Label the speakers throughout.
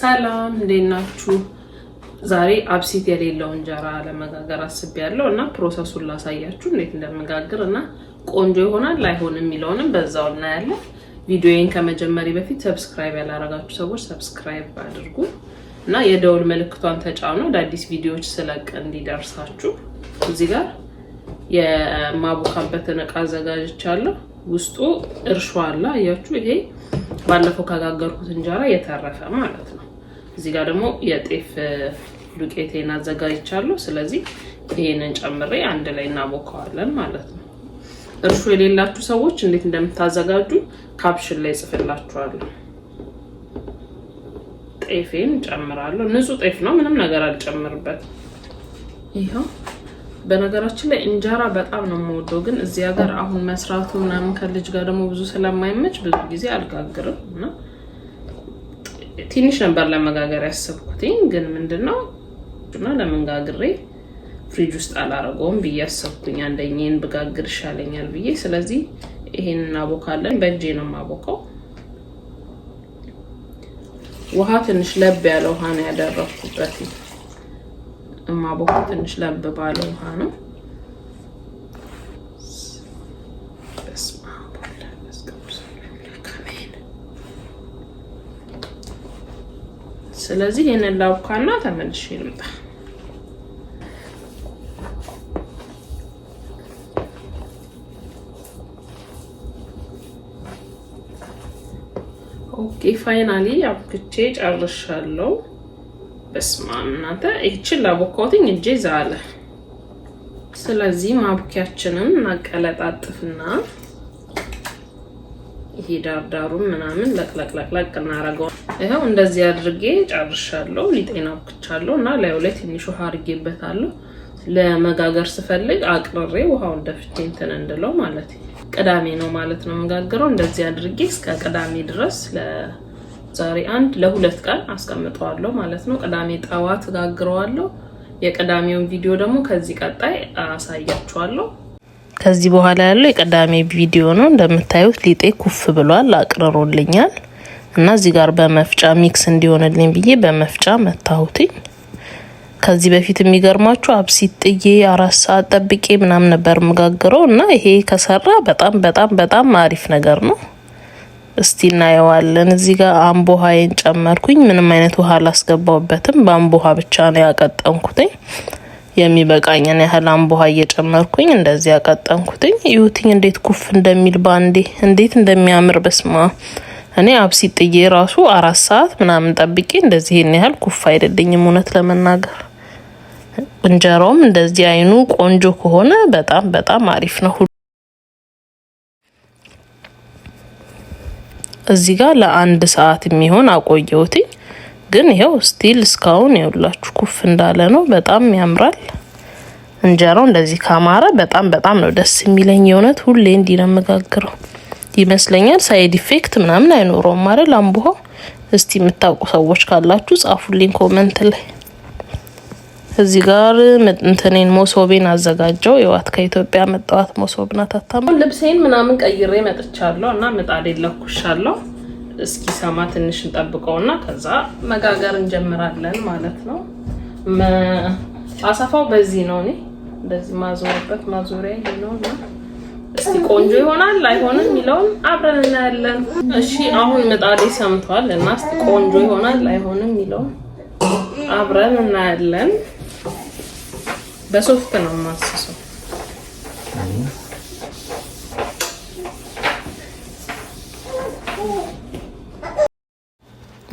Speaker 1: ሰላም እንዴት ናችሁ? ዛሬ አብሲት የሌለው እንጀራ ለመጋገር አስቤያለሁ እና ፕሮሰሱን ላሳያችሁ እንዴት እንደምጋግር እና ቆንጆ ይሆናል አይሆንም የሚለውንም በዛው እናያለን። ቪዲዮዬን ከመጀመሪ በፊት ሰብስክራይብ ያላረጋችሁ ሰዎች ሰብስክራይብ አድርጉ እና የደውል ምልክቷን ተጫኑ አዳዲስ ቪዲዮዎች ስለቅ እንዲደርሳችሁ። እዚህ ጋር የማቦካበትን እቃ አዘጋጅቻለሁ። ውስጡ እርሾ አለ አያችሁ ይሄ ባለፈው ከጋገርኩት እንጀራ የተረፈ ማለት ነው። እዚህ ጋር ደግሞ የጤፍ ዱቄቴን አዘጋጅቻለሁ። ስለዚህ ይሄንን ጨምሬ አንድ ላይ እናቦከዋለን ማለት ነው። እርሾ የሌላችሁ ሰዎች እንዴት እንደምታዘጋጁ ካፕሽን ላይ ጽፍላችኋለሁ። ጤፌን ጨምራለሁ። ንጹህ ጤፍ ነው፣ ምንም ነገር አልጨምርበትም። ይኸው በነገራችን ላይ እንጀራ በጣም ነው የምወደው፣ ግን እዚህ ሀገር አሁን መስራቱ ምናምን ከልጅ ጋር ደግሞ ብዙ ስለማይመች ብዙ ጊዜ አልጋግርም እና ትንሽ ነበር ለመጋገር ያሰብኩትኝ፣ ግን ምንድነው? እና ለምን ፍሪጅ ውስጥ አላረገውም ብዬ ያሰብኩኝ፣ አንደኛን ብጋግር ይሻለኛል ብዬ። ስለዚህ ይሄን እናቦካለን። በእጄ ነው የማቦካው። ውሃ ትንሽ ለብ ያለ ውሃ ነው ያደረኩበት። እማቦካ ትንሽ ለብ ባለ ውሃ ነው። ስለዚህ ይህንን ላቡካና ተመልሼ ልምጣ። ኦኬ ፋይናሊ አብክቼ ጨርሻለሁ። በስማ እናንተ ይህችን ላቦካውትኝ እጄ ዛለ። ስለዚህ ማቡኪያችንን እናቀለጣጥፍና ይሄ ዳርዳሩን ምናምን ለቅለቅለቅለቅ እናረገው። ይኸው እንደዚህ አድርጌ ጨርሻለሁ። ሊጤና አቡክቻለሁ እና ላዩ ላይ ትንሽ ውሃ አድርጌበታለሁ። ለመጋገር ስፈልግ አቅርሬ ውሃውን ደፍቼ እንትን እንድለው ማለት ቅዳሜ ነው ማለት ነው መጋገረው። እንደዚህ አድርጌ እስከ ቅዳሜ ድረስ ዛሬ አንድ ለሁለት ቀን አስቀምጠዋለሁ ማለት ነው። ቅዳሜ ጠዋት ጋግረዋለሁ። የቅዳሜውን ቪዲዮ ደግሞ ከዚህ ቀጣይ አሳያችኋለሁ። ከዚህ በኋላ ያለው የቅዳሜ ቪዲዮ ነው። እንደምታዩት ሊጤ ኩፍ ብሏል፣ አቅርሮልኛል እና እዚህ ጋር በመፍጫ ሚክስ እንዲሆንልኝ ብዬ በመፍጫ መታሁትኝ። ከዚህ በፊት የሚገርማችሁ አብሲት ጥዬ አራት ሰዓት ጠብቄ ምናምን ነበር የምጋግረው እና ይሄ ከሰራ በጣም በጣም በጣም አሪፍ ነገር ነው። እስቲ እናየዋለን። እዚህ ጋር አምቦ ውሃዬን ጨመርኩኝ። ምንም አይነት ውሃ አላስገባውበትም። በአምቦ ውሃ ብቻ ነው ያቀጠንኩትኝ። የሚበቃኝን ያህል አምቦ ውሃ እየጨመርኩኝ እንደዚህ ያቀጠንኩትኝ። ይሁትኝ እንዴት ኩፍ እንደሚል ባንዴ፣ እንዴት እንደሚያምር በስማ እኔ አብሲ ጥዬ ራሱ አራት ሰዓት ምናምን ጠብቄ እንደዚህ ይህን ያህል ኩፍ አይደለኝም እውነት ለመናገር እንጀራውም እንደዚህ አይኑ ቆንጆ ከሆነ በጣም በጣም አሪፍ ነው። እዚህ ጋር ለአንድ ሰዓት የሚሆን አቆየውትኝ። ግን ይኸው ስቲል እስካሁን የሁላችሁ ኩፍ እንዳለ ነው። በጣም ያምራል። እንጀራው እንደዚህ ካማረ በጣም በጣም ነው ደስ የሚለኝ። የእውነት ሁሌ እንዲህ ነው የምጋግረው ይመስለኛል። ሳይድ ኢፌክት ምናምን አይኖረውም አይደል? አምቡሃው እስቲ የምታውቁ ሰዎች ካላችሁ ጻፉልኝ ኮመንት ላይ። እዚህ ጋር እንትኔን ሞሶቤን አዘጋጀው። ይዋት ከኢትዮጵያ መጣዋት መሶብ ናት። አታማ ልብሴን ምናምን ቀይሬ መጥቻለሁ እና ምጣዴ ለኩሻለሁ። እስኪ ሰማ ትንሽ እንጠብቀውና ከዛ መጋገር እንጀምራለን ማለት ነው። አሰፋው በዚህ ነው። እኔ እንደዚህ ማዞርበት ማዞሪያ ነው። እስቲ ቆንጆ ይሆናል አይሆንም የሚለውን አብረን እናያለን። እሺ አሁን ምጣዴ ሰምቷል እና ቆንጆ ይሆናል አይሆንም የሚለውን አብረን እናያለን። በሶፍት ነው የማስሰው።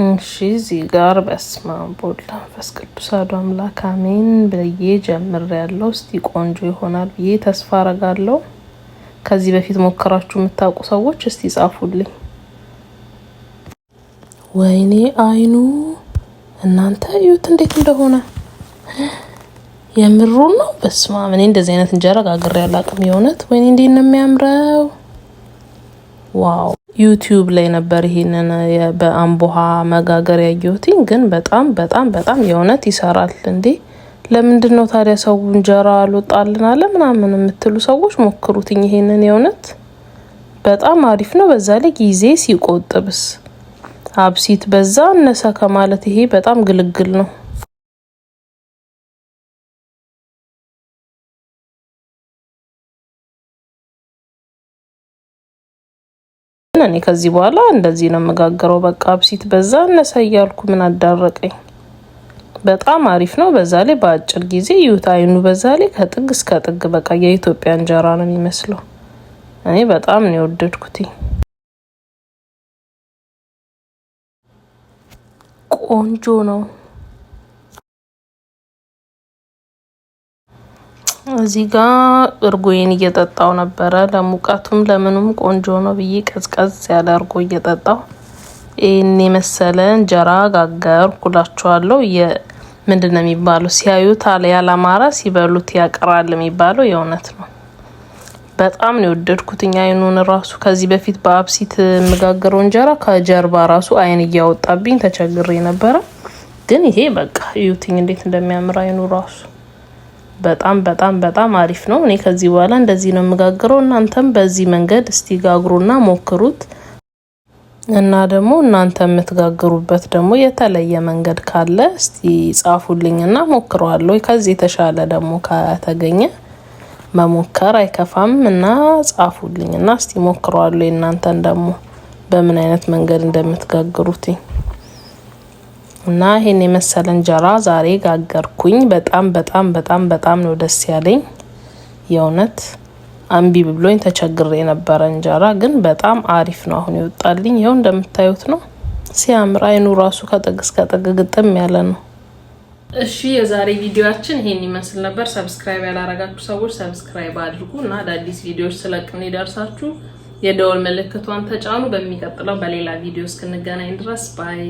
Speaker 1: እሺ እዚህ ጋር በስመ አብ ወወልድ ወመንፈስ ቅዱስ አሐዱ አምላክ አሜን ብዬ ጀምሬያለሁ። እስቲ ቆንጆ ይሆናል ብዬ ተስፋ አረጋለሁ። ከዚህ በፊት ሞከራችሁ የምታውቁ ሰዎች እስቲ ጻፉልኝ። ወይኔ አይኑ እናንተ እዩት እንዴት እንደሆነ የምሩን ነው። በስመ አብ እኔ እንደዚህ አይነት እንጀራ ጋግሬ አላቅም። የእውነት ወይኔ እንዴት ነው የሚያምረው! ዋው ዩቲዩብ ላይ ነበር ይሄንን በአምቦሃ መጋገር ያየሁትኝ። ግን በጣም በጣም በጣም የእውነት ይሰራል እንዴ! ለምንድን ነው ታዲያ ሰው እንጀራ አልወጣልን አለ ምናምን የምትሉ ሰዎች ሞክሩትኝ። ይሄንን የእውነት በጣም አሪፍ ነው። በዛ ላይ ጊዜ ሲቆጥብስ አብሲት በዛ እነሰ ከማለት ይሄ በጣም ግልግል ነው። እኔ ከዚህ በኋላ እንደዚህ ነው የምጋግረው። በቃ አብሲት በዛ እነሳ እያልኩ ምን አዳረቀኝ። በጣም አሪፍ ነው። በዛ ላይ በአጭር ጊዜ ይዩት አይኑ። በዛ ላይ ከጥግ እስከ ጥግ በቃ የኢትዮጵያ እንጀራ ነው የሚመስለው። እኔ በጣም ነው የወደድኩት። ቆንጆ ነው። እዚህ ጋር እርጎዬን እየጠጣው ነበረ። ለሙቀቱም ለምኑም ቆንጆ ነው ብዬ ቀዝቀዝ ያለ እርጎ እየጠጣው ይህን የመሰለ እንጀራ ጋገር ኩላችኋለሁ። ምንድን ነው የሚባለው? ሲያዩት ያላማረ ሲበሉት ያቀራል የሚባለው የእውነት ነው። በጣም ነው የወደድኩትኝ። አይኑን ራሱ ከዚህ በፊት በአብሲት የምጋገረው እንጀራ ከጀርባ ራሱ አይን እያወጣብኝ ተቸግሬ ነበረ። ግን ይሄ በቃ እዩትኝ እንዴት እንደሚያምር አይኑ ራሱ በጣም በጣም በጣም አሪፍ ነው። እኔ ከዚህ በኋላ እንደዚህ ነው የምጋግረው። እናንተም በዚህ መንገድ እስቲ ጋግሩና ሞክሩት እና ደግሞ እናንተ የምትጋግሩበት ደግሞ የተለየ መንገድ ካለ እስቲ ጻፉልኝና ሞክረዋለሁ። ከዚህ የተሻለ ደግሞ ከተገኘ መሞከር አይከፋም እና ጻፉልኝና እስቲ ሞክረዋለሁ የእናንተን ደግሞ በምን አይነት መንገድ እንደምትጋግሩትኝ እና ይሄን የመሰለ እንጀራ ዛሬ ጋገርኩኝ። በጣም በጣም በጣም በጣም ነው ደስ ያለኝ። የእውነት አንቢ ብሎኝ ተቸግሬ የነበረ እንጀራ ግን በጣም አሪፍ ነው አሁን ይወጣልኝ። ይኸው እንደምታዩት ነው ሲያምር። አይኑ ራሱ ከጥግ እስከ ጥግ ግጥም ያለ ነው። እሺ የዛሬ ቪዲዮችን ይሄን ይመስል ነበር። ሰብስክራይብ ያላረጋችሁ ሰዎች ሰብስክራይብ አድርጉ እና አዳዲስ ቪዲዮዎች ስለቅ ይደርሳችሁ የደወል ምልክቷን ተጫኑ። በሚቀጥለው በሌላ ቪዲዮ እስክንገናኝ ድረስ ባይ